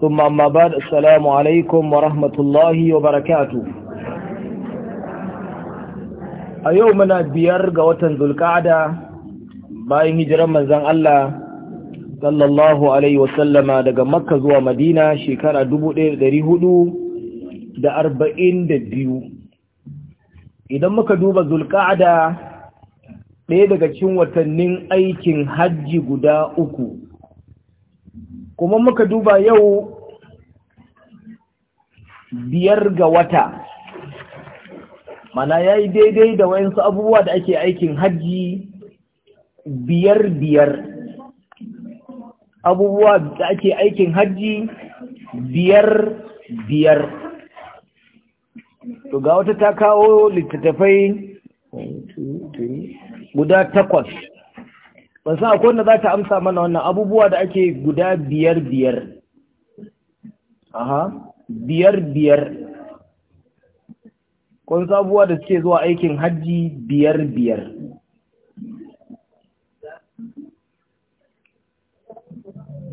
ثم أما بعد السلام عليكم ورحمة الله وبركاته a yau muna biyar ga watan Zulka'ada, bayan hijiran manzan Allah sallallahu alaihi daga makka zuwa madina shekara da da arba'in biyu. idan muka duba zulkada ɗaya daga cikin watannin aikin hajji guda uku kuma muka duba yau biyar ga wata mana ya yi daidai da wayansu abubuwa da ake aikin hajji biyar biyar abubuwa da ake aikin hajji biyar biyar to ga wata ta kawo littattafai guda takwas ban sa akwai wanda za ta amsa mana wannan abubuwa da ake guda biyar biyar aha biyar biyar kun sabuwa da suke zuwa aikin hajji biyar biyar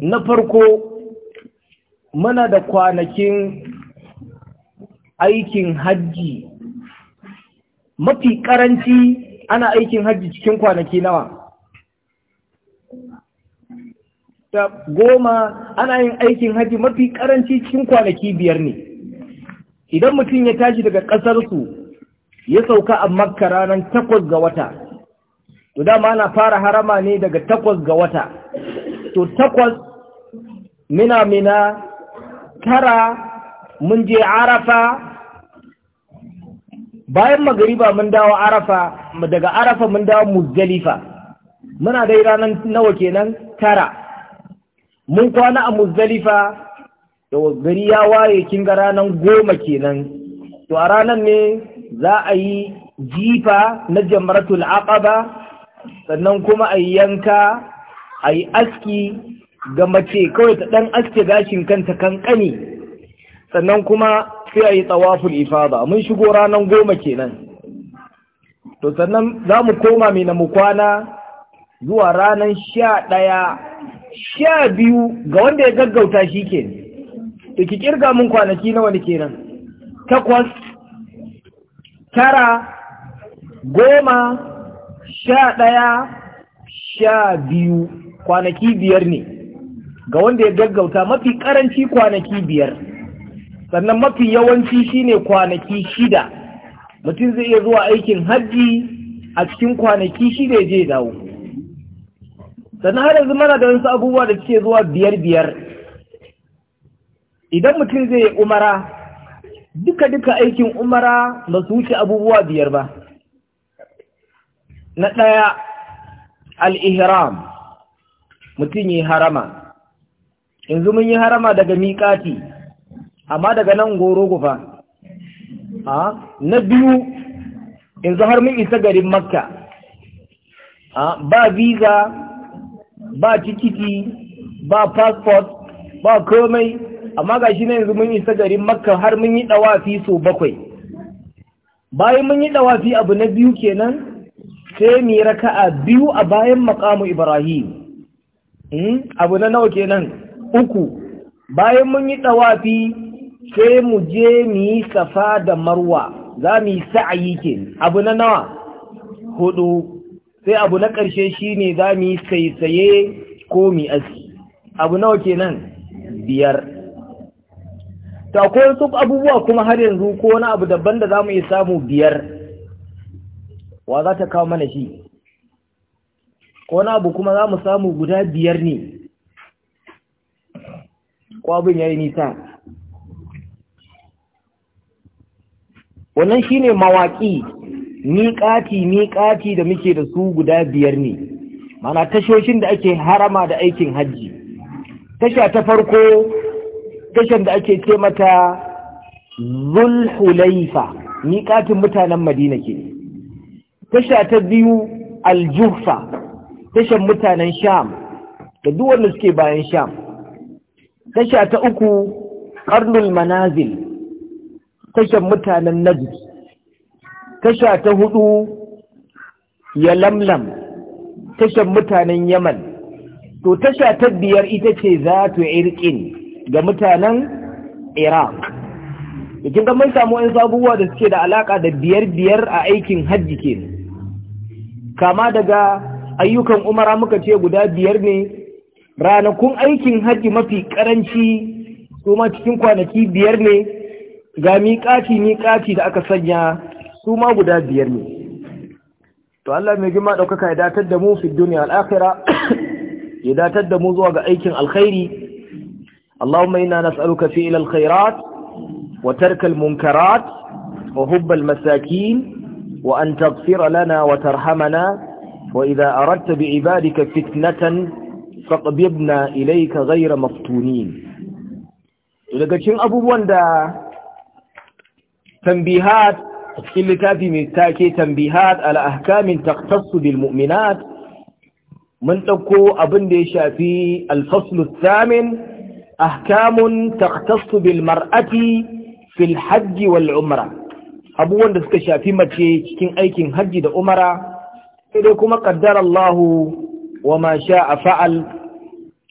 na farko mana da kwanakin aikin hajji mafi karanci ana aikin hajji cikin kwanaki nawa da goma ana yin aikin haji mafi karanci cikin kwanaki biyar ne idan mutum ya tashi daga ƙasarsu ya sauka a makka ranar takwas ga wata to dama ana fara harama ne daga takwas ga wata to takwas mina mina tara mun je arafa bayan magariba mun dawo arafa daga arafa mun dawo muzdalifa muna dai ranar nawa kenan tara mun kwana a muzdalifa da gari ya waye kin ga ranan goma kenan to a ranan ne za a yi jifa na jamratul aqaba sannan kuma a yanka a yi aski ga mace kawai ta ɗan aske gashin kanta kankani sannan kuma sai a yi tsawaful ifada mun shigo ranar goma kenan to sannan za mu koma mai na mu kwana zuwa ranar sha ɗaya sha biyu ga wanda ya gaggauta shi ke da ki kirga mun kwanaki na wani kenan takwas tara goma sha ɗaya sha biyu kwanaki biyar ne ga wanda ya gaggauta mafi ƙaranci kwanaki biyar sannan mafi yawanci shine kwanaki shida mutum zai iya zuwa aikin hajji a cikin kwanaki shida ya je dawo sannan har yanzu mana da wasu abubuwa da suke zuwa biyar biyar idan mutum zai umara duka duka aikin umara ba su wuce abubuwa biyar ba na ɗaya al-ihram mutum yi harama yanzu mun yi harama daga miƙati amma daga nan goro gufa na biyu yanzu har mun isa garin makka ba visa ba tikiti ba passport ba komai amma ga shi ne yanzu mun isa garin makka har mun yi ɗawafi so bakwai bayan mun yi ɗawafi abu na biyu kenan sai mu yi raka'a biyu a bayan makamu ibrahim hmm? abu na nawa kenan uku bayan mun yi ɗawafi sai mu je mu yi safa da marwa za mu yi sa'ayi ke abu na nawa hudu sai abu na ƙarshe shi ne, za mu yi saisaye ko mi aski abu nawa kenan biyar ta ko su abubuwa kuma har yanzu ko wani abu daban da za mu iya samu biyar wa za ta kawo mana shi ko wani abu kuma za mu samu guda biyar ne ko ya yi nisa wannan shine mawaƙi miƙati miƙati da muke da su guda biyar ne mana tashoshin da ake harama da aikin hajji tasha ta farko tashan da ake ce mata zulhulaifa miƙatin mutanen madina ke tasha ta biyu aljuhfa tashan mutanen sham da duk wanda suke bayan sham tasha ta uku karnul manazil tashan mutanen najis tasha ta hudu ya lamlam tashar mutanen yaman to tasha ta biyar ita ce za ta irkin ga mutanen iraq yakin kan samu sabuwa da suke da alaka da biyar biyar a aikin hajji ke kama daga ayyukan umara muka ce guda biyar ne ranakun aikin hajji mafi karanci kuma cikin kwanaki biyar ne ga miƙaci miƙaci da aka sanya su ma guda biyar ne to Allah mai girma daukaka ya datar da mu fi duniya al'akhira ya datar da mu zuwa ga aikin alkhairi Allahumma inna nas'aluka fi ila alkhairat wa tarka almunkarat wa hubba almasakin wa an taghfira lana wa tarhamana wa idha aradta bi ibadika fitnatan faqbidna ilayka ghayra maftunin daga cikin abubuwan da tambihat a cikin littafi mai take tambihat ala ahkamin taqtassu bil mu'minat mun ɗauko abin da ya shafi alfaslu thamin ahkamun taqtassu bil mar'ati fil hajji wal abubuwan da suka shafi mace cikin aikin hajji da umara sai kuma qaddara allahu wa ma a fa'al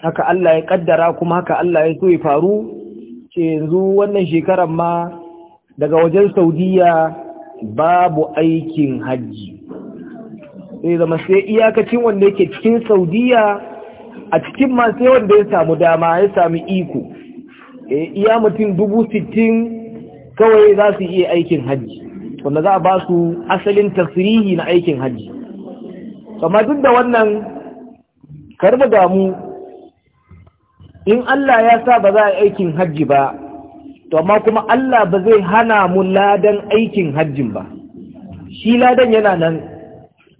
haka Allah ya ƙaddara kuma haka Allah ya so ya faru ce yanzu wannan shekarar ma daga wajen Saudiya babu aikin hajji sai zama sai iyakacin wanda yake cikin saudiya a cikin masu yawan wanda ya samu dama ya sami iko eh, iya mutum dubu sittin kawai za su iya aikin hajji wanda za a ba su asalin tasirihi na aikin hajji amma duk da wannan karba damu in Allah ya sa ba za a yi aikin hajji ba to amma kuma Allah ba zai hana mu ladan aikin hajjin ba shi ladan yana nan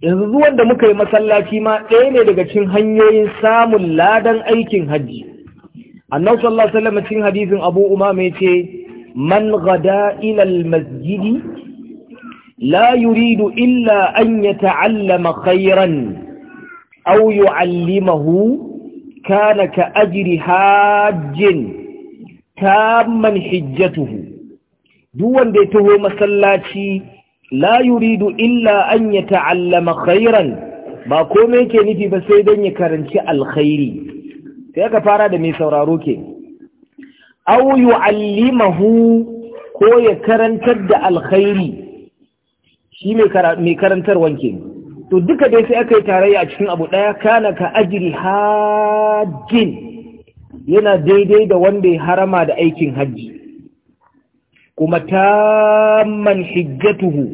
yanzu zuwan da muka yi masallaci ma ɗaya ne daga cikin hanyoyin samun ladan aikin hajji annabi sallallahu alaihi wasallam cikin hadisin Abu Umama yace man gada ila al-masjidi la yuridu illa an yata'allama khairan aw yu'allimahu kana ka ajri hajjin tamman hijjatuhu duk wanda ya taho masallaci la yuridu illa an ya ta'allama khairan ba komai yake nufi ba sai don ya karanci alkhairi sai aka fara da mai sauraro ke aw yu'allimahu ko ya karantar da alkhairi shi mai karantar wanke. to duka dai sai aka yi tarayya a cikin abu ɗaya kana ka ajiri hajjin yana daidai da wanda ya harama da aikin hajji kuma man shigatuhu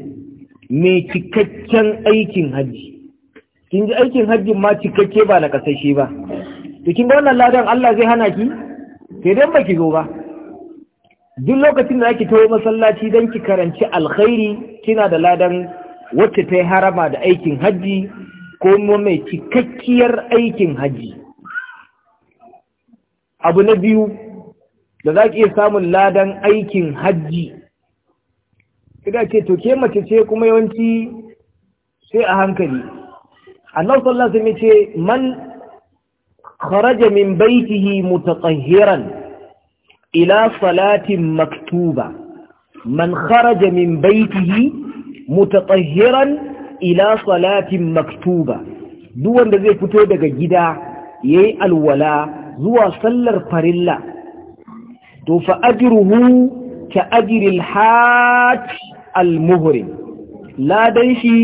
mai cikakken aikin hajji kin ji aikin hajji ma cikakke ba na kasashe ba to kin wannan ladan Allah zai hana ki sai dan baki zo ba duk lokacin da ake tawo masallaci don ki karanci alkhairi kina da ladan wacce ta yi harama da aikin hajji ko mai cikakkiyar aikin hajji abu na biyu da za ki iya samun ladan aikin hajji kida ce to ke mace ce kuma yawanci sai a hankali annabi sallallahu alaihi wasallam ce man kharaja min baitihi mutatahhiran ila salatin maktuba man kharaja min baitihi mutatahhiran ila salatin maktuba duk wanda zai fito daga gida yayi alwala zuwa sallar farilla to fa ajruhu ka ajril hajj al muhrim ladan shi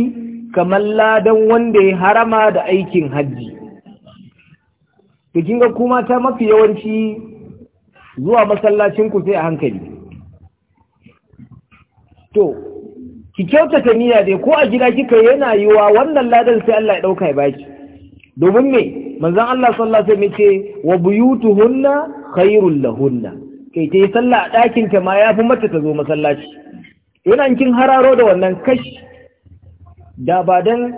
kamar ladan wanda ya harama da aikin hajji to kinga kuma ta mafi yawanci zuwa masallacin ku sai a hankali to ki kyautata niyya dai ko a gida kika yana yiwa wannan ladan sai Allah ya dauka ya baki domin me manzon Allah sallallahu alaihi wasallam ce wa buyutuhunna khairul lahunna kai ta yi sallah a ɗakin ta ma yafi mata ta zo masallaci yana kin hararo da wannan kashi. da ba dan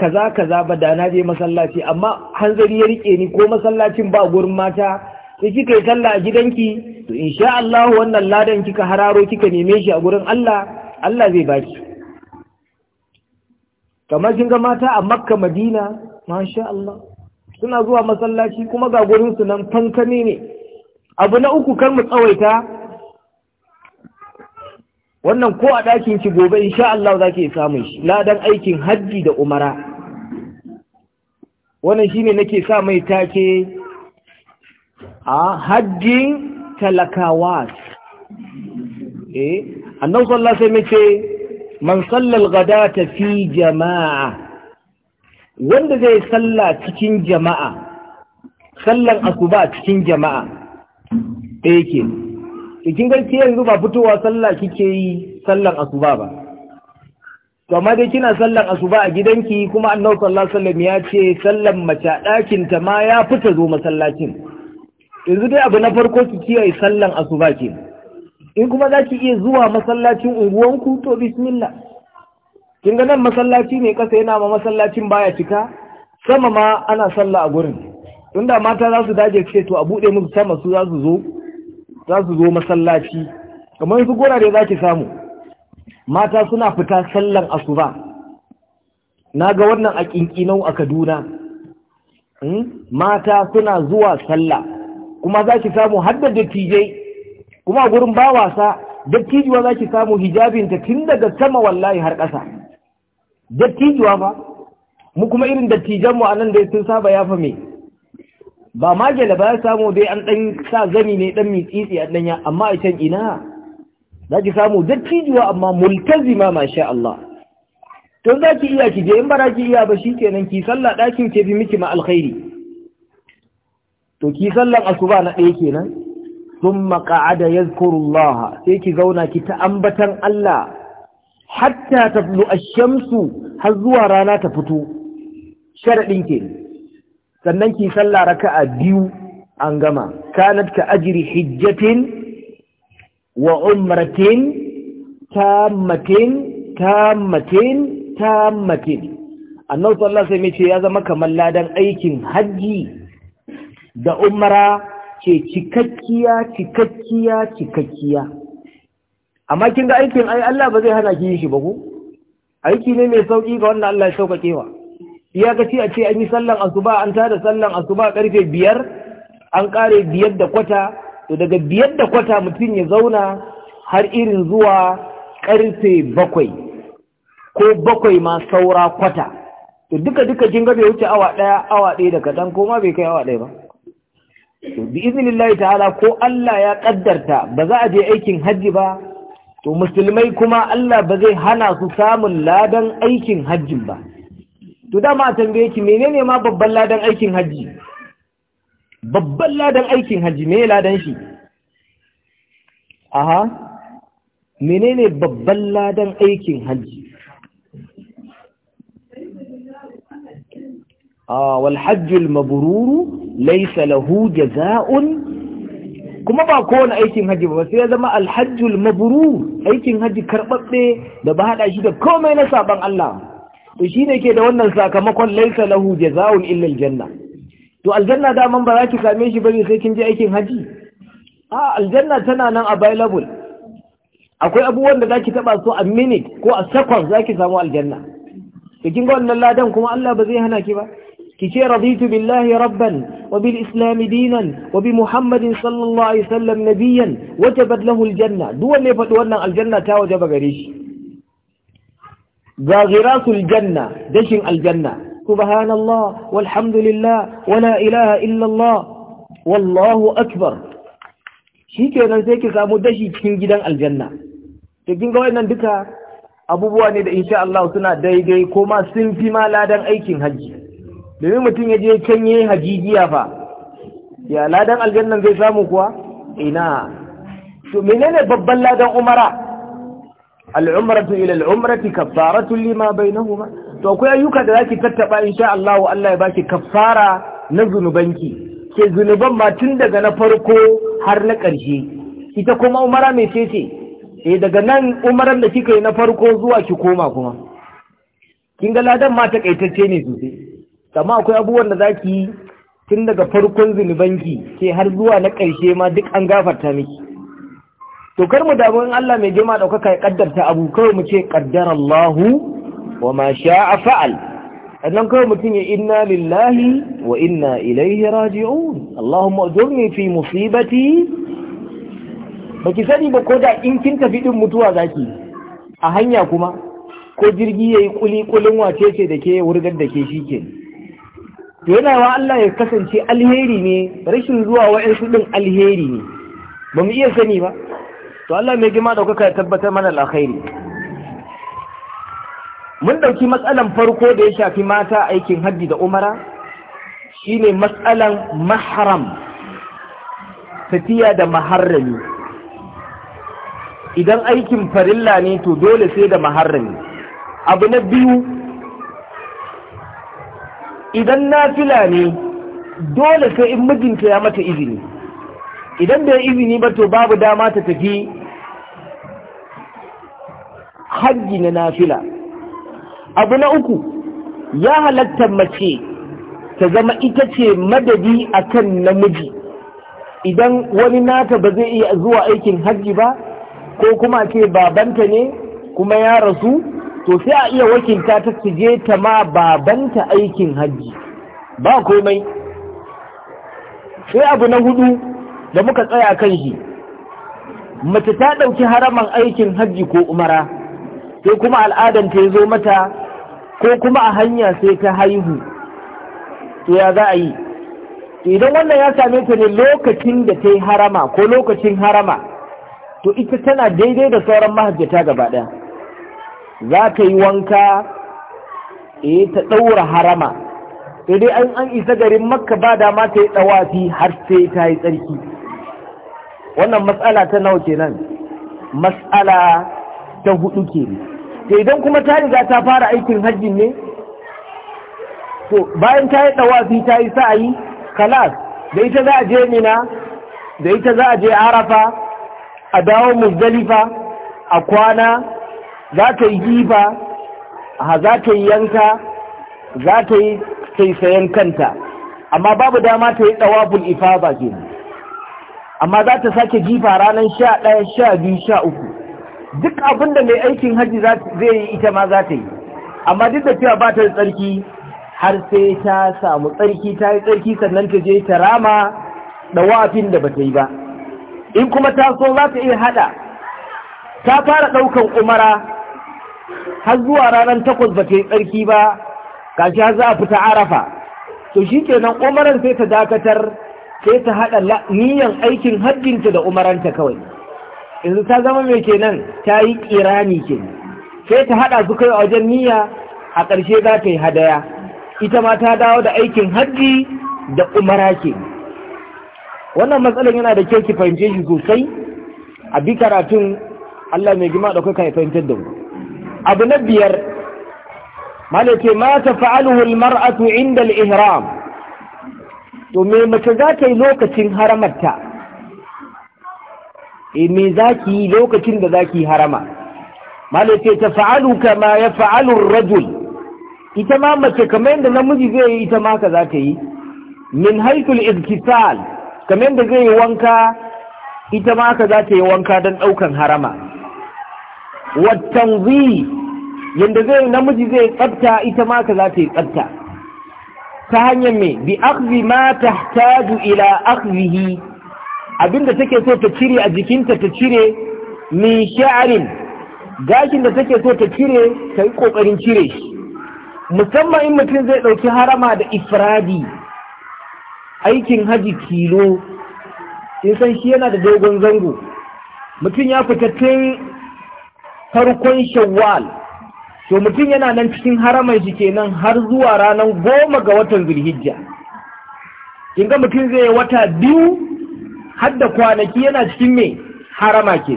kaza kaza ba da na je masallaci amma hanzari ya rike ni ko masallacin ba gurin mata sai kika yi sallah a gidanki to insha Allah wannan ladan kika hararo kika neme shi a gurin Allah Allah zai baki kamar kin ga mata a Makka Madina masha Allah suna zuwa masallaci kuma ga gurinsu nan fankami ne abu na uku kar mu tsawaita wannan ko a ɗakin ki gobe insha Allah za ki samun shi ladan aikin hajji da umara wannan shine nake sa mai take a hajjin talakawa eh annabi sallallahu alaihi wasallam ce man sallal ghadata fi jama'a wanda zai sallah cikin jama'a sallan asuba cikin jama'a ɗaya ke cikin garke yanzu ba fitowa sallah kike yi sallan asuba ba kama dai kina sallar asuba a gidanki kuma annabi sallallahu alaihi ya ce sallan mace a ma ya fita zo masallacin yanzu dai abu na farko ki kiyaye sallan asuba ke in kuma za ki iya zuwa masallacin unguwanku to bismillah kin ga nan masallaci ne kasa yana ma masallacin baya cika sama ma ana sallah a gurin inda mata za su daje ce to a bude musu sama su za su zo za su zo masallaci kamar su gora da zaki samu mata suna fita sallan asuba na ga wannan a kinkinau a kaduna hmm? mata suna zuwa sallah kuma za samu har da dattijai kuma gurin ba wasa dattijuwa za ki samu hijabinta tun daga sama wallahi har ƙasa dattijuwa ba mu kuma irin dattijanmu a nan da sun saba yafa me ba ma ba ya samu dai an ɗan sa zani ne dan mitsitsi a danya amma a can ina za ki samu dattijuwa amma multazima masha Allah to za ki iya ki je in ba ki iya ba shikenan ki sallah ɗakin ke fi miki ma alkhairi to ki sallan asuba na ɗaya kenan sun da ya sai ki zauna ki ta ambatan Allah hatta ta ash-shamsu har zuwa rana ta fito sharadin ke sannan ki sallah raka'a biyu an gama kanat ka ajri hijjatin wa umratin tammatin tammatin tammatin annabi sallallahu alaihi wasallam ya zama kamar ladan aikin hajji da umra ce cikakkiya cikakkiya cikakkiya amma kin ga aikin ai Allah ba zai hana ki shi ba ku aiki ne mai sauki ga wanda Allah ya saukakewa iyakaci a ce an yi sallan asuba an tada sallan asuba karfe biyar an kare biyar da kwata to daga biyar da kwata mutum ya zauna har irin zuwa karfe bakwai ko bakwai ma saura kwata to duka duka kin ga bai wuce awa daya awa daya da kadan ko ma bai kai awa daya ba to bi iznillahi ta'ala ko Allah ya kaddarta ba za a je aikin hajji ba to musulmai kuma Allah ba zai hana su samun ladan aikin hajjin ba to dama a tambaye ki menene ma babban ladan aikin hajji babban ladan aikin hajji me ladan shi aha menene babban ladan aikin hajji ah wal hajjul mabruru laysa lahu jazaa'un kuma ba kowane aikin haji ba sai ya zama alhajjul maburu aikin haji karɓaɓɓe da ba haɗa shi da komai na saban Allah to shi ne ke da wannan sakamakon laisa lahu jaza'un illa aljanna to aljanna man ba za ki same shi bane sai kin je aikin haji a aljanna tana nan available akwai abubuwan da zaki taba so a minute ko a second zaki samu aljanna kin ga wannan ladan kuma Allah ba zai hana ki ba ki ce raditu billahi rabban wa bil islam dinan wa bi muhammadin sallallahu alaihi wasallam nabiyyan wa tabadlahu aljanna duk wanda ya faɗi wannan aljanna ta waje ba gare shi ga janna dashin aljanna subhanallah walhamdulillah wala ilaha illallah wallahu akbar shikenan sai ki samu dashi cikin gidan aljanna to kin ga wannan duka abubuwa ne da insha Allah suna daidai ko ma sun fi ma ladan aikin hajji domin mutum ya je can yi hajijiya fa ya ladan aljannan zai samu kuwa ina to menene babban ladan umara al'umratu ila al'umrati kaffaratu lima bainahuma to akwai ayyuka da zaki tattaba insha Allah Allah ya baki kaffara na zunubanki ke zunuban ma tun daga na farko har na ƙarshe ita kuma umara mai cece eh daga nan umaran da kika yi na farko zuwa ki koma kuma kin ga ladan ma takaitacce ne sosai kama akwai abubuwan da za ki yi tun daga farkon zunubanki ke har zuwa na ƙarshe ma duk an gafarta miki to kar mu damu in Allah mai girma ɗaukaka ya ƙaddarta abu kawai mu ce ƙaddar Allahu wa ma sha'a fa'al sannan kawai mutum ya inna lillahi wa inna ilaihi raji'un Allahumma ujurni fi musibati baki sani ba ko da in kin tafi ɗin mutuwa zaki a hanya kuma ko jirgi yayi kuli kulin wace ce da ke wurgar da ke shikenan to yana wa Allah ya kasance alheri ne rashin zuwa wa'ansu din alheri ne ba mu iya sani ba to Allah mai gima daukaka ya tabbatar mana alkhairi mun ɗauki matsalan farko da ya shafi mata aikin haddi da umara shine matsalan mahram tafiya da maharrami idan aikin farilla ne to dole sai da maharrami abu na biyu idan na fila ne dole sai in mijinta ya mata izini idan bai izini ba to babu dama ta tafi hajji na nafila abu na uku ya halatta mace ta zama ita ce madadi a kan namiji idan wani nata ba zai iya zuwa aikin hajji ba ko kuma ce babanta ne kuma ya rasu to sai a iya wakilta ta su je ta ma babanta aikin hajji ba komai sai abu na hudu da muka tsaya kan shi mace ta ɗauki haraman aikin hajji ko umara sai kuma al'adar ta zo mata ko kuma a hanya sai ta haihu to ya za a yi idan wannan ya same ta ne lokacin da ta yi harama ko lokacin harama to ita tana daidai da sauran mahajjata gaba ɗaya za ta yi wanka e ta ɗaura harama dai an an isa garin makka ba dama ta yi ɗawafi har sai ta yi tsarki wannan matsala ta nawa kenan matsala ta hudu kenan Ta idan kuma ta riga ta fara aikin hajji ne to bayan ta yi ɗawafi ta yi sa'ayi kalas da ita za a je mina da ita za a je arafa a dawo muzdalifa a kwana za ka yi gifa za ka yi yanka za ta yi saisayen kanta amma babu dama ta yi ifa ba ke amma za ta sake gifa ranar sha ɗaya sha biyu sha uku duk abin da mai aikin hajji zai yi ita ma za ta yi amma duk da cewa ba ta da tsarki har sai ta samu tsarki ta yi tsarki sannan ta je ta rama ɗawafin da ba ta yi ba in kuma ta so za ta iya haɗa ta fara ɗaukan umara har zuwa ranar takwas ba ta yi tsarki ba kashi har za a fita arafa to shi kenan umaran sai ta dakatar sai ta haɗa niyan aikin hajjinta da umaranta kawai yanzu ta zama mai kenan ta yi kirani ke sai ta haɗa su kai a wajen niyya a ƙarshe za ta yi hadaya ita ma ta dawo da aikin hajji da umara ke wannan matsalar yana da kyau ki fahimce shi sosai a bi karatun Allah mai gima da kuka fahimtar da mu abu na biyar malaka ma tafa'aluhu mar'atu inda al-ihram to me mace za ta yi lokacin haramarta e me za ki yi lokacin da za ki harama malaka ta fa'alu kama ya fa'alu rajul ita ma mace kama yadda namiji zai yi ita ma ka za ta yi min haikul izkisal kama yadda zai yi wanka ita ma ka za ta yi wanka don ɗaukan harama wattanzi yadda zai namiji zai tsabta ita maka za ta yi tsabta ta hanyar mai bi akzi ma tahtaju ila akzihi abinda take so ta cire a jikinta ta cire min sha'arin gashin da take so ta cire ta yi kokarin cire shi musamman in mutum zai ɗauki harama da ifradi aikin haji kilo in san shi yana da dogon zango mutum ya fita tun farkon shawwal to mutum yana nan cikin haramai shi kenan har zuwa ranar goma ga watan zulhijja kin ga mutum zai wata biyu har da kwanaki yana cikin mai harama ke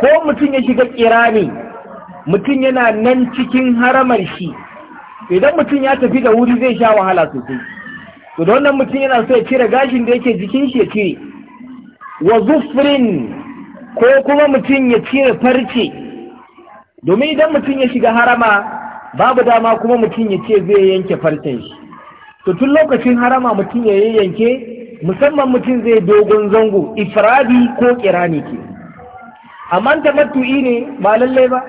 ko mutum ya shiga kirani mutum yana nan cikin haramar shi idan mutum ya tafi da wuri zai sha wahala sosai to da wannan mutum yana so ya cire gashin da yake jikin shi ya cire wa zufrin ko kuma mutum ya cire farce domin idan mutum ya shiga harama babu dama kuma mutum ya ce zai yanke farcen shi to tun lokacin harama mutum ya yanke musamman mutum zai dogon zango ifradi ko kirani ke amma matu'i ne ba lallai ba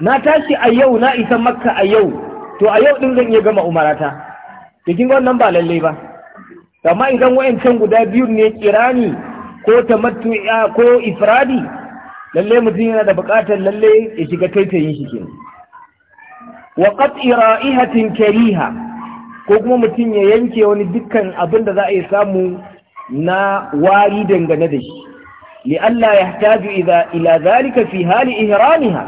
na tashi a yau na isa makka a yau to a yau ɗin zan iya gama umarata bikin wannan ba lallai ba amma idan wayancan guda biyu ne kirani ko tamattu'a ko ifradi lalle mutum yana da buƙatar lalle ya shiga taitayin shi kenan wa qat'i ra'ihatin kariha ko kuma mutum ya yanke wani dukkan abin da za a yi samu na wari dangane da shi li'alla yahtaju idza ila zalika fi hali ihramiha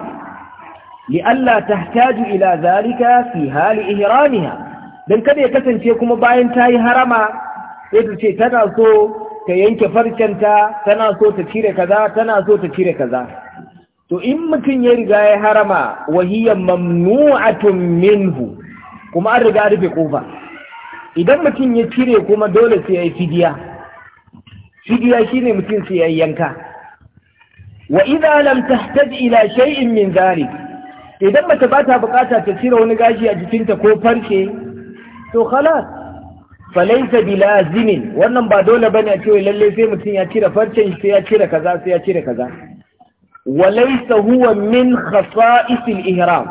li'alla tahtaju ila zalika fi hali ihramiha dan kada ya kasance kuma bayan ta yi harama sai ta ce tana so ta yanke farcenta tana so ta cire kaza tana so ta cire kaza to in mutum ya riga ya harama wahiyar mamnu'atun minhu kuma an riga rufe kofa idan mutum ya cire kuma dole sai ya yi fidiya fidiya shine mutum sai ya yanka wa idza lam tahtaj ila shay'in min zalik idan mace ba ta bukata ta cire wani gashi a jikinta ko farce to khalas falaisa bilazimin wannan ba dole bane a cewa lalle sai mutum ya cire farcen shi sai ya cire kaza sai ya cire kaza walaisa huwa min khasa'isil ihram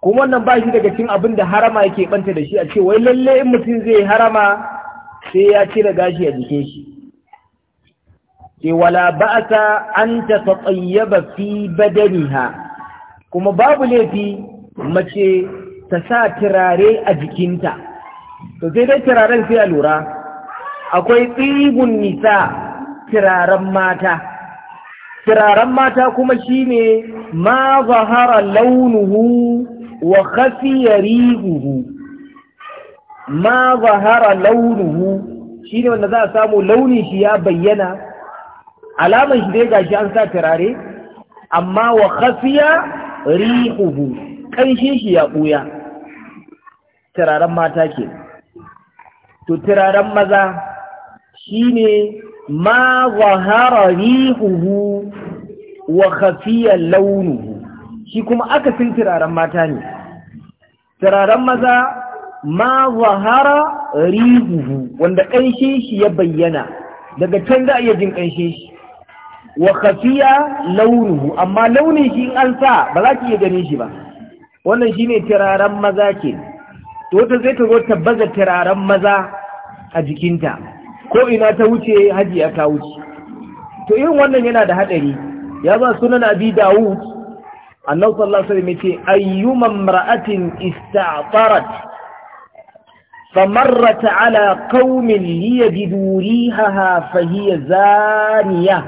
kuma wannan ba shi daga cikin abin da harama yake banta da shi a ce wai lalle in mutum zai harama sai ya cire gashi a jikin shi ke wala ba'asa an tsayyaba fi badaniha kuma babu laifi mace ta sa turare a jikinta to sai dai turaren sai a lura akwai tsibun nisa turaren mata turaren mata kuma shine ma zahara launuhu wa khafiya riguhu ma zahara launuhu shine wanda za a samu launin shi ya bayyana alamar shi dai gashi an sa turare amma wa khafiya riguhu kanshin shi ya ɓuya turaren mata ke. to turaren maza shine ma zahara rihuhu wa khafiya launuhu shi kuma akasin turaren mata ne turaren maza ma zahara rihuhu wanda ƙanshin shi ya bayyana daga can za a iya jin ƙanshin shi wa khafiya launuhu amma launin shi in an sa ba za ki iya ganin shi ba wannan shine turaren maza ke to wata zai taro ta baza turaren maza a jikinta ko ina ta wuce hajiya ta wuce to irin wannan yana da haɗari ya ba sunan abi dawud annabi sallallahu alaihi wasallam yace ayyuman mar'atin ista'tarat famarrat ala qaumin liyajiduriha fa hiya zaniya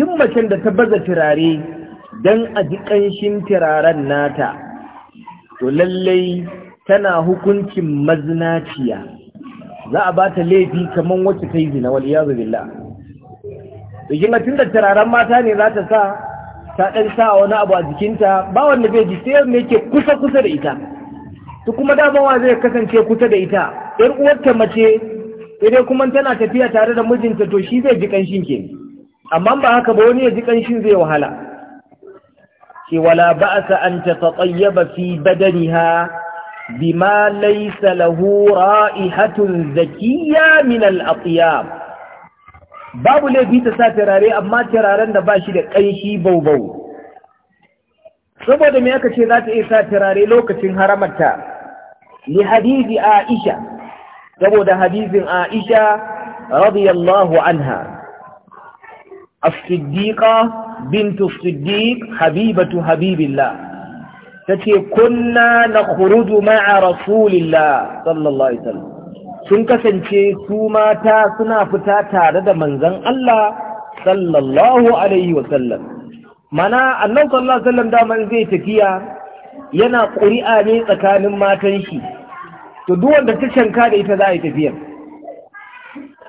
duk macen da ta baza turare dan a ji ƙanshin turaren nata to lallai tana hukuncin mazinaciya za a ba ta laifi kamar wacce ta yi zina wal iyazu billah tun da turaren mata ne za ta sa ta ɗan sa wani abu a jikinta ba wanda zai ji sai wanda yake kusa kusa da ita to kuma daman wa zai kasance kusa da ita yar uwarta mace sai kuma tana tafiya tare da mijinta to shi zai ji kanshin ke amma ba haka ba wani ya ji kanshin zai wahala Ki wala ba'sa an tatayyaba fi badaniha bima laysa lahu ra'ihatun zakiyya minal al-atyab babu laifi ta sa turare amma turaren da ba shi da kanshi baubau saboda me ce za ta iya sa turare lokacin haramarta li hadizi aisha saboda hadizin aisha radiyallahu anha as-siddiqa bintu as-siddiq habibatu habibillah tace kunna nakhruju ma'a rasulillah sallallahu alaihi wasallam sun kasance su mata suna fita tare da manzon Allah sallallahu alaihi wasallam mana annabi sallallahu alaihi wasallam da man zai tafiya yana ƙuri'a ne tsakanin matan shi to duk wanda ta shanka da ita za a yi tafiyar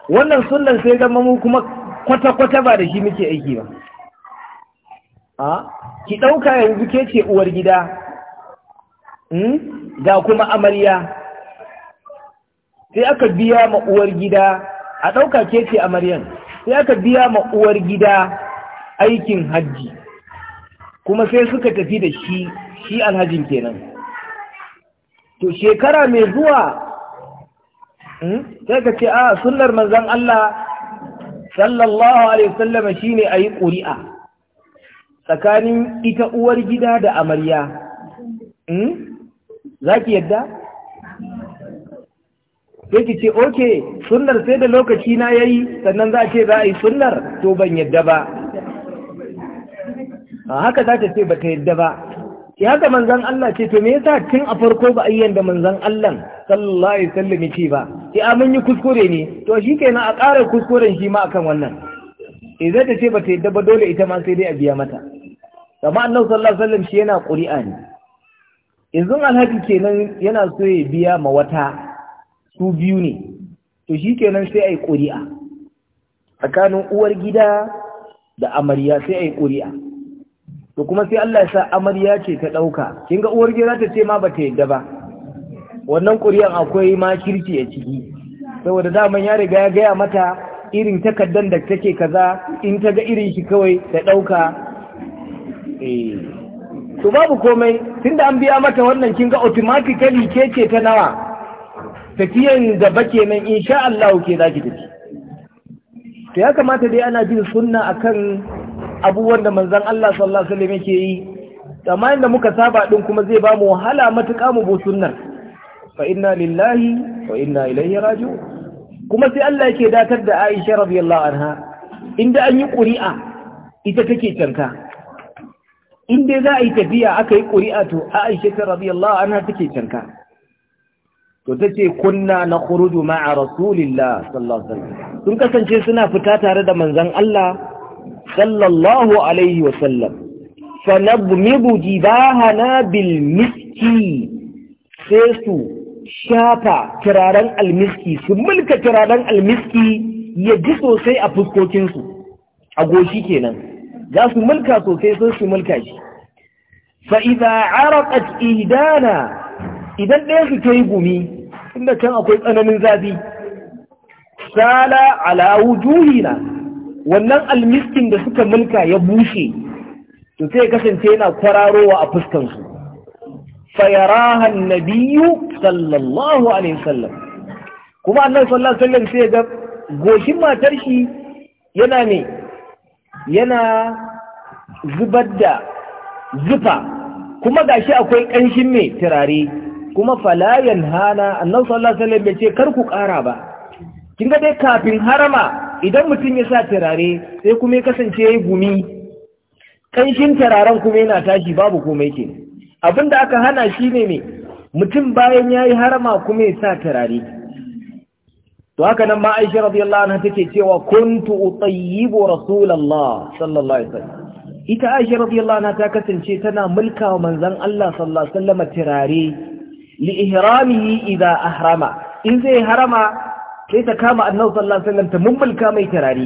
wannan sunan sai zama mu kuma kwata-kwata ba da shi muke aiki ba a ki ɗauka yanzu ke ce uwar gida Hmm? ga kuma amarya sai aka biya ma uwar gida a ɗauka ke ce amaryan sai aka biya ma uwar gida aikin hajji kuma sai suka tafi da shi shi alhajin kenan to shekara mai zuwa hmm? sai ka ce a ah, sunnar manzan Allah sallallahu alaihi shi ne a yi ƙuri'a tsakanin ita uwar gida da amarya hmm? za ki yadda sai ki ce oke sunar sai da lokaci na yayi sannan za ce za a yi sunar to ban yadda ba a haka za ta ce ba ta yadda ba ya haka manzan Allah ce to me yasa tun a farko ba ayyan da manzan Allah sallallahu alaihi wasallam ce ba ki a mun yi kuskure ne to shi na a ƙara kuskuren shi ma akan wannan eh, idan ta ce ba ta yadda ba dole ita ma sai dai a biya mata amma annabi sallallahu alaihi wasallam shi yana ƙuri'a ne yanzu alhaji kenan yana so ya biya ma wata su biyu ne to shi kenan sai a ƙuri'a tsakanin uwar gida da amarya sai a ƙuri'a to kuma sai Allah ya sa amarya ce ta ɗauka kin ga uwar gida ta ce ma ba ta yadda ba wannan ƙuri'an akwai ma kirki a ciki saboda daman ya riga ya gaya mata irin takaddan da take kaza in ta ga irin shi kawai ta ɗauka eh to babu komai tunda an biya mata wannan kinga automatically ke ce ta nawa tafiyan da gaba kenan insha Allah ke zaki tafi to ya kamata dai ana bin sunna akan abubuwan da manzon Allah sallallahu alaihi wasallam yake yi amma inda muka saba din kuma zai bamu wahala matuƙa mu bo sunnar fa inna lillahi wa inna ilaihi raji'un kuma sai Allah yake datar da Aisha radiyallahu anha inda an yi ƙuri'a ita take canka in dai za a yi tafiya aka yi ƙuri'a to Aisha ta radiyallahu ana take canka to tace kunna na khuruju ma'a rasulillah sallallahu alaihi wasallam sun kasance suna fita tare da manzon Allah sallallahu alaihi wasallam fa nabmidu jibahana bil miski sai su shafa turaren almiski su mulka turaren almiski ya ji sosai a fuskokinsu a goshi kenan za su mulka sosai sun su mulka shi fa idza araqat idan ɗaya su ta yi gumi inda can akwai tsananin zafi sala ala wujuhina wannan almiskin da suka mulka ya bushe to sai kasance yana kwararowa a fuskansu fayaraha nabiyu sallallahu alaihi kuma annabi sallallahu alaihi sai ga goshin matar shi yana ne yana zubar da zufa kuma gashi akwai ƙanshin mai turare kuma falayan hana annan sallallahu alaihi wasallam ce kar ku ƙara ba kin ga dai kafin harama idan mutum ya sa turare sai kuma ya kasance yayi gumi ƙanshin turaren kuma yana tashi babu komai ke abinda aka hana shine ne mutum bayan yayi harama kuma ya sa turare to haka nan ma Aisha radiyallahu anha take cewa kuntu utayyibu rasulullah sallallahu alaihi ita Aisha radiyallahu anha ta kasance tana mulka wa manzon Allah sallallahu alaihi wasallam tirare li ihramihi idza ahrama in zai harama sai ta kama annabi sallallahu alaihi wasallam ta mummulka mai tirare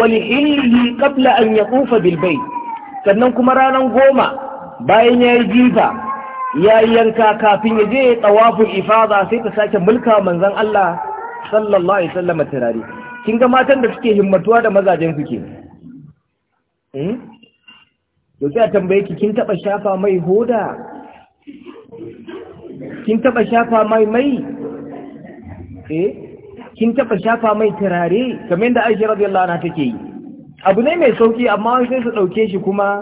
wa li hillihi qabla an yatufa bil bayt sannan kuma ranan goma bayan yayi jifa ya yi yanka kafin ya je tsawafin ifada sai ta sake mulka manzan Allah sallallahu alaihi wasallam turare kin ga matan da suke himmatuwa da mazajen suke ke eh? a tambaye ki kin taba shafa mai hoda kin taba shafa mai mai eh kin taba shafa mai turare kamar yadda Aisha radiyallahu anha take yi abu ne mai sauki amma sai su dauke shi kuma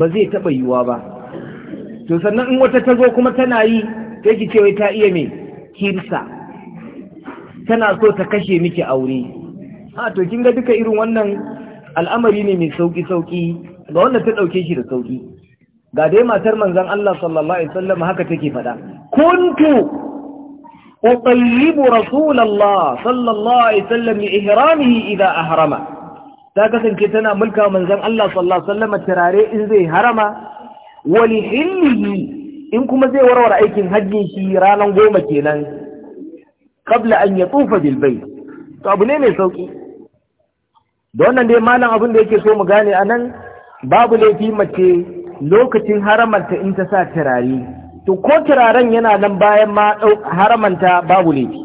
ba zai taba yiwuwa ba to sannan in wata ta zo kuma tana yi sai ki ce wai ta iya mai hirsa tana so ta kashe miki aure ha to kin ga duka irin wannan al'amari ne mai sauki sauki ga wanda ta ɗauke shi da sauki ga dai matar manzon Allah sallallahu alaihi wasallam haka take faɗa kuntu uqallibu Rasulallah sallallahu alaihi wasallam li ihramihi idha ahrama ta kasance tana mulka manzon Allah sallallahu alaihi wasallam turare in zai harama wali in kuma zai warware aikin hajjin shi ranar goma kenan kabla an ya tsufa bilbai to abu ne mai sauki da wannan dai malam abin da yake so mu gane a nan babu laifi mace lokacin haramanta in ta sa turare to ko turaren yana nan bayan ma haramanta babu laifi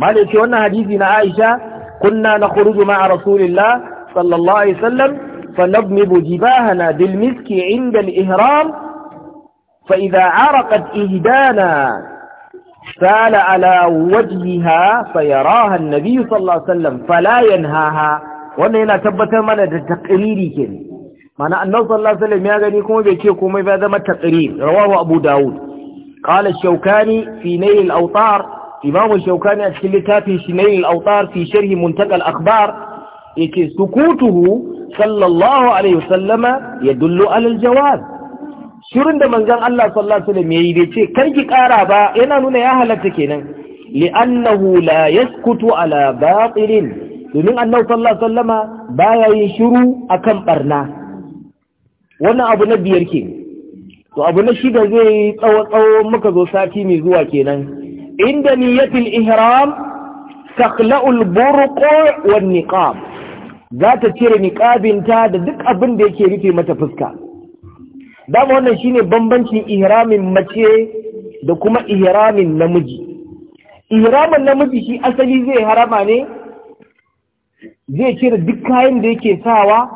malam ce wannan hadisi na aisha kunna na khuruju ma rasulillah sallallahu alaihi wasallam فنضمب جباهنا بالمسك عند الإهرام فإذا عرقت إهدانا سال على وجهها فيراها النبي صلى الله عليه وسلم فلا ينهاها ومن ثبت تبت من التقريري كن معنى أن صلى الله عليه وسلم يقول بيكيكو ما هذا ما التقرير رواه أبو داود قال الشوكاني في نيل الأوطار إمام الشوكاني أتكلتها في نيل الأوطار في شرح منتقى الأخبار سكوته sallallahu alaihi wasallama ya dullo alal jawaz shirin da manzon Allah sallallahu alaihi wasallam yayi bai ce kar ki kara ba yana nuna ya halatta kenan li'annahu la yaskutu ala batilin domin annabi sallallahu alaihi baya yin shiru akan barna wannan abu na biyar ke to abu na shida zai tsawo tsawo muka zo sati mai zuwa kenan inda niyatul ihram takla'ul burqu wan niqab za ta cire niƙabinta da duk abin da yake rufe mata fuska dama wannan shine bambancin ihramin mace da kuma ihramin namiji ihramin namiji shi asali zai harama ne zai cire duk kayan da yake sawa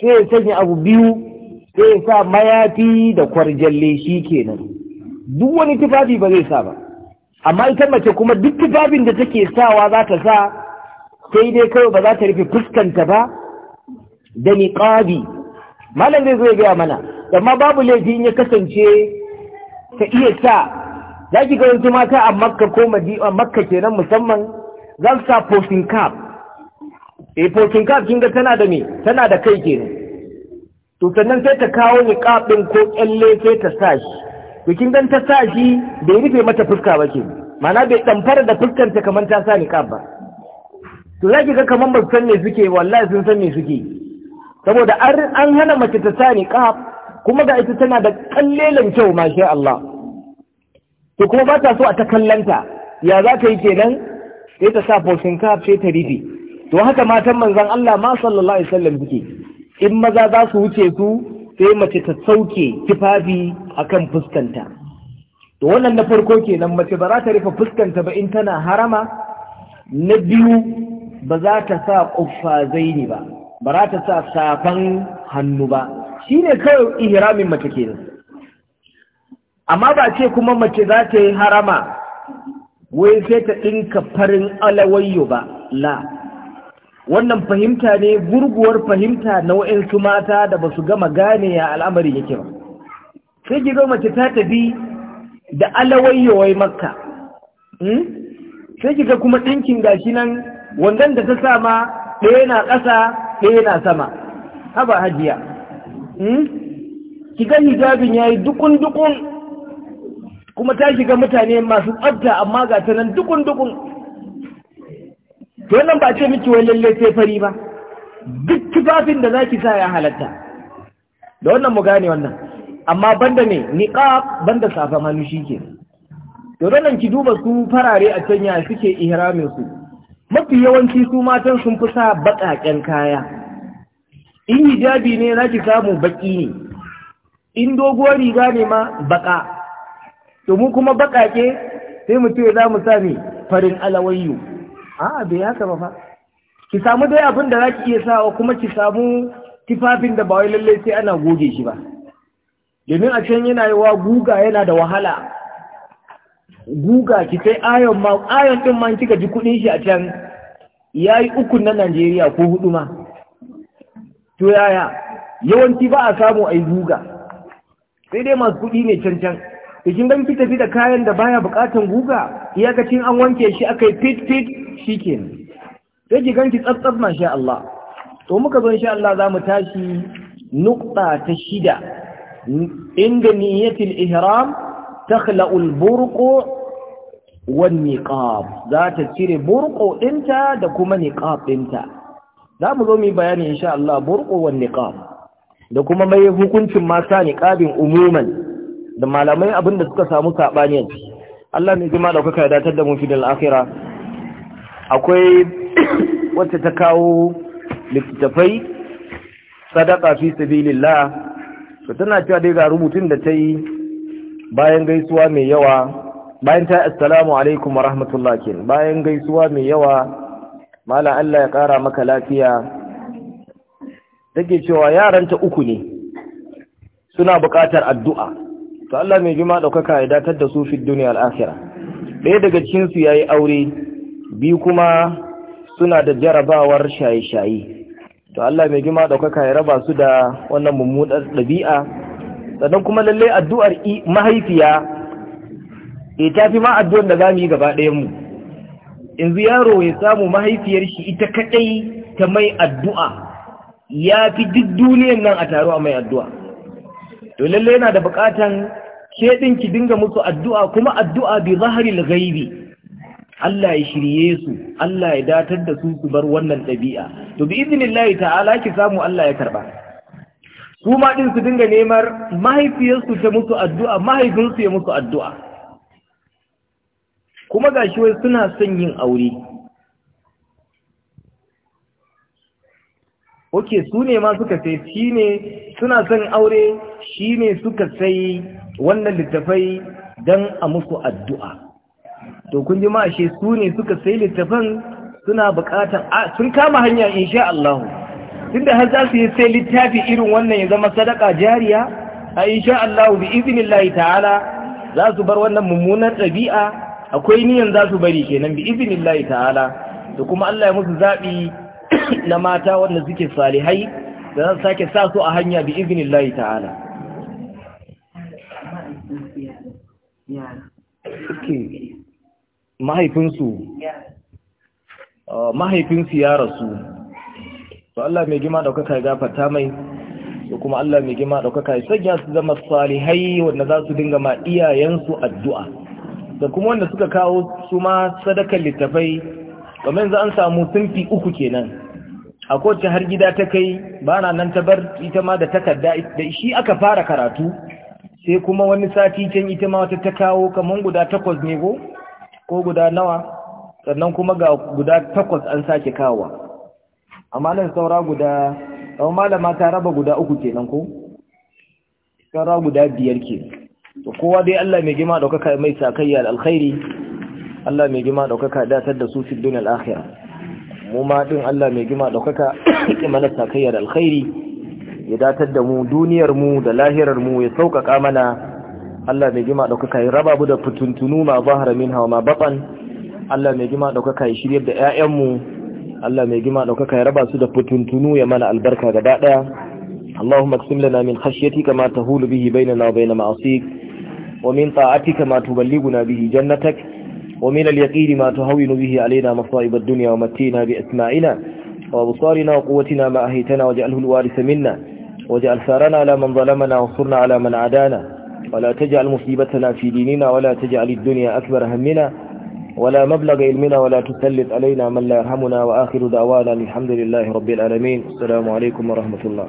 sai ya sanya abu biyu sai ya sa mayafi da kwarjalle shi kenan duk wani tufafi ba zai sa ba amma ita mace kuma duk tufafin da take sawa za ta sa sai dai kawai ba za ta rufe fuskanta ba da niƙabi malam zai zo ya gaya mana amma babu laifi ya kasance ta iya sa za ki ga wasu mata a makka ko a makka kenan musamman za su sa posting cap e eh, posting cap kin ga tana da me tana da kai kenan to sannan sai ta kawo ni din ko kyalle sai ta sa shi to kin ta sa shi bai rufe mata fuska ba ke ma'ana bai ɗamfara da fuskanta kamar ta sa ni ba to zaki ga kamar ba su san me suke wallahi sun san me suke saboda an hana mace ta sani niqab kuma ga ita tana da kallelan kyau sha Allah to kuma ba ta so a ta kallanta ya za ka yi kenan sai ta sa fosin kaf sai ta rife to haka matan manzon Allah ma sallallahu alaihi wasallam suke in maza za su wuce su sai mace ta sauke kifafi akan fuskanta to wannan na farko kenan mace ba za ta rufe fuskanta ba in tana harama na biyu ba za ta sa ƙuffazai ne ba ba za ta sa safan hannu ba shi ne kawai ihramin mace ke amma ba ce kuma mace za ta yi harama wai sai ta ɗinka farin alawayyo ba la wannan fahimta ne gurguwar fahimta na wa'insu mata da ba su gama gane ya al'amari yake ba sai gizo mace ta tafi da alawayyo wai makka hmm? sai gizo kuma ɗinkin gashi nan Wannan da ta sa ma ɗaya na ƙasa ɗaya na sama haba hajiya Ki hmm? ga hijabin ya yi dukun dukun kuma ta shiga mutane masu tsabta amma ga ta nan dukun dukun to nan ba ce miki wani lalle sai fari ba duk tufafin da ki sa ya halatta da wannan mu gane wannan amma banda ne niqab banda safa manushi ke. to nan ki duba su farare a canya suke ihramin su mafi yawanci su matan sun fi sa baƙaƙen kaya in hijabi ne za ki samu baƙi ne in doguwar riga ne ma baƙa to mu kuma baƙaƙe sai mu ce za mu sa ne farin alawayyu a'a bai haka ba fa ki samu dai abin da za ki iya sawa kuma ki samu tifafin da ba wai lallai sai ana goge shi ba domin a can yana yawa guga yana da wahala guga ki sai ayon ma ayon din man kika ji kudin shi a can yayi uku na Najeriya ko hudu ma to yaya yawanci ba a samu ai guga sai dai masu kudi ne can can to kin dan fita fita kayan da baya bukatan guga iyakacin an wanke shi akai fit fit shikenan sai ki ganki ma masha Allah to muka zo insha Allah zamu tashi nukta ta shida inda niyyatul ihram takhla'ul burqu wan niqab za ta cire burƙo dinta da kuma niqab dinta za mu zo mu bayani insha Allah burqu wan niqab da kuma mai hukuncin ma sa niqabin umuman da malamai abinda suka samu sabani Allah ne jima da kuka datar da mu fi dal akhirah akwai wacce ta kawo littafai sadaka fi sabilillah to tana cewa dai ga rubutun da ta yi bayan gaisuwa mai yawa bayan ta assalamu alaikum wa rahmatullah kin bayan gaisuwa mai yawa mala Allah ya kara maka lafiya take cewa yaranta uku ne suna buƙatar addu'a to Allah mai jima daukaka ya datar da su fi duniya al'akhira ɗaya daga cikin su yayi aure Bi kuma suna da jarabawar shaye-shaye to Allah mai jima daukaka ya raba su da wannan mummunar ɗabi'a sannan kuma lallai addu'ar mahaifiya e ta fi ma addu'ar da za mu yi gaba mu yanzu yaro ya samu mahaifiyar shi ita kaɗai ta mai addu'a ya fi duk duniyan nan a taro a mai addu'a to lallai yana da buƙatan ke ɗinki ki dinga musu addu'a kuma addu'a bi zaharil gaibi Allah ya shirye su Allah ya datar da su su bar wannan ɗabi'a to bi iznillahi ta'ala ki samu Allah ya karɓa su ma din su dinga neman mahaifiyarsu ta musu addu'a mahaifinsu ya musu addu'a kuma gashi wai suna son yin aure Ok, su ne ma suka sai shi ne suna son aure shi ne suka sai wannan littafai don a musu addu'a to kun ji shi su ne suka sai littafan suna bukatan sun kama hanya insha Allahun tunda har za su yi sai littafi irin wannan ya zama sadaka jariya a insha Allah bi iznillahi ta'ala za su bar wannan mummunar ɗabi'a akwai niyan za su bari kenan bi iznillahi ta'ala da kuma Allah ya musu zabi na mata wanda suke salihai da za su sake sa su a hanya bi iznillahi ta'ala mahaifinsu ah, mahaifinsu ya rasu to Allah mai gima ɗaukaka ya gafarta mai da kuma Allah mai gima ɗaukaka ya sanya su zama salihai wanda za su dinga ma iyayensu addu'a da kuma wanda suka kawo su ma sadakar littafai kamar yanzu an samu sunfi uku kenan a kowace har gida ta kai ba na nan ta bar ita ma da takarda da shi aka fara karatu sai kuma wani sati can ita ma wata ta kawo kamar guda takwas ne ko guda nawa sannan kuma ga guda takwas an sake kawowa amma nan saura guda ɗan malama ta raba guda uku kenan ko saura guda biyar ke to kowa dai Allah mai gima ɗaukaka mai sakayya alkhairi Allah mai gima ɗaukaka datar da su fi duniyar akhira mu ma ɗin Allah mai gima ɗaukaka ƙi mana sakayya alkhairi ya datar da mu duniyar mu da lahirar mu ya sauƙaƙa mana Allah mai gima ɗaukaka ya raba mu da fituntunu ma zahara min hawa ma baɓan Allah mai gima ɗaukaka ya shiryar da 'ya'yanmu Allah mai gima ɗaukaka ya raba su da fitintunu ya mana albarka gaba اللهم اقسم لنا من خشيتك ما تهول به بيننا وبين معصيك ومن طاعتك ما تبلغنا به جنتك ومن اليقين ما تهون به علينا مصائب الدنيا ومتينا بأسماعنا وأبصارنا وقوتنا ما أهيتنا وجعله الوارث منا وجعل ثارنا على من ظلمنا وانصرنا على من عدانا ولا تجعل مصيبتنا في ديننا ولا تجعل الدنيا أكبر همنا ولا مبلغ علمنا ولا تسلط علينا من لا يرحمنا وآخر دعوانا الحمد لله رب العالمين السلام عليكم ورحمة الله